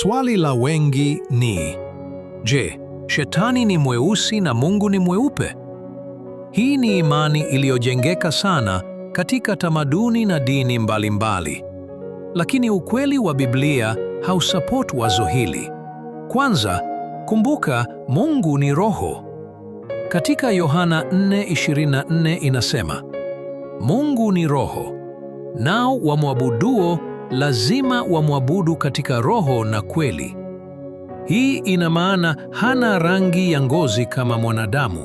Swali la wengi ni je, shetani ni mweusi na Mungu ni mweupe? Hii ni imani iliyojengeka sana katika tamaduni na dini mbalimbali. Lakini ukweli wa Biblia hausapoti wazo hili. Kwanza, kumbuka Mungu ni roho. Katika Yohana 4:24 inasema, Mungu ni roho, nao wamwabuduo lazima wamwabudu katika roho na kweli. Hii ina maana hana rangi ya ngozi kama mwanadamu.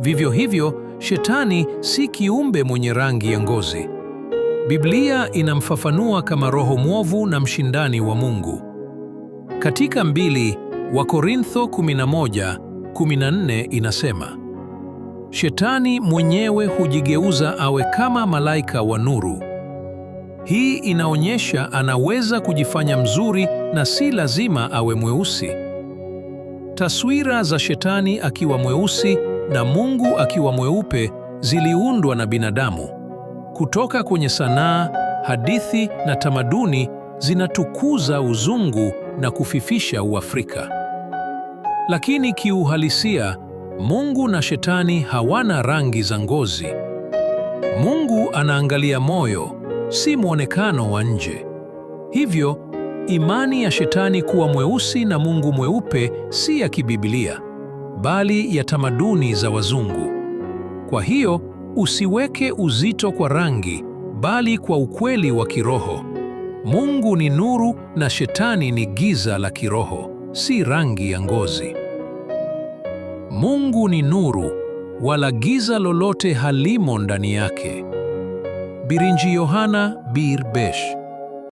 Vivyo hivyo, shetani si kiumbe mwenye rangi ya ngozi. Biblia inamfafanua kama roho mwovu na mshindani wa Mungu. Katika mbili Wakorintho 11:14 inasema, Shetani mwenyewe hujigeuza awe kama malaika wa nuru. Hii inaonyesha anaweza kujifanya mzuri na si lazima awe mweusi. Taswira za shetani akiwa mweusi na Mungu akiwa mweupe ziliundwa na binadamu. Kutoka kwenye sanaa, hadithi na tamaduni zinatukuza uzungu na kufifisha Uafrika. Lakini kiuhalisia, Mungu na shetani hawana rangi za ngozi. Mungu anaangalia moyo si mwonekano wa nje. Hivyo, imani ya shetani kuwa mweusi na Mungu mweupe si ya kibibilia, bali ya tamaduni za wazungu. Kwa hiyo, usiweke uzito kwa rangi, bali kwa ukweli wa kiroho. Mungu ni nuru na shetani ni giza la kiroho, si rangi ya ngozi. Mungu ni nuru, wala giza lolote halimo ndani yake. 1. Yohana 1.5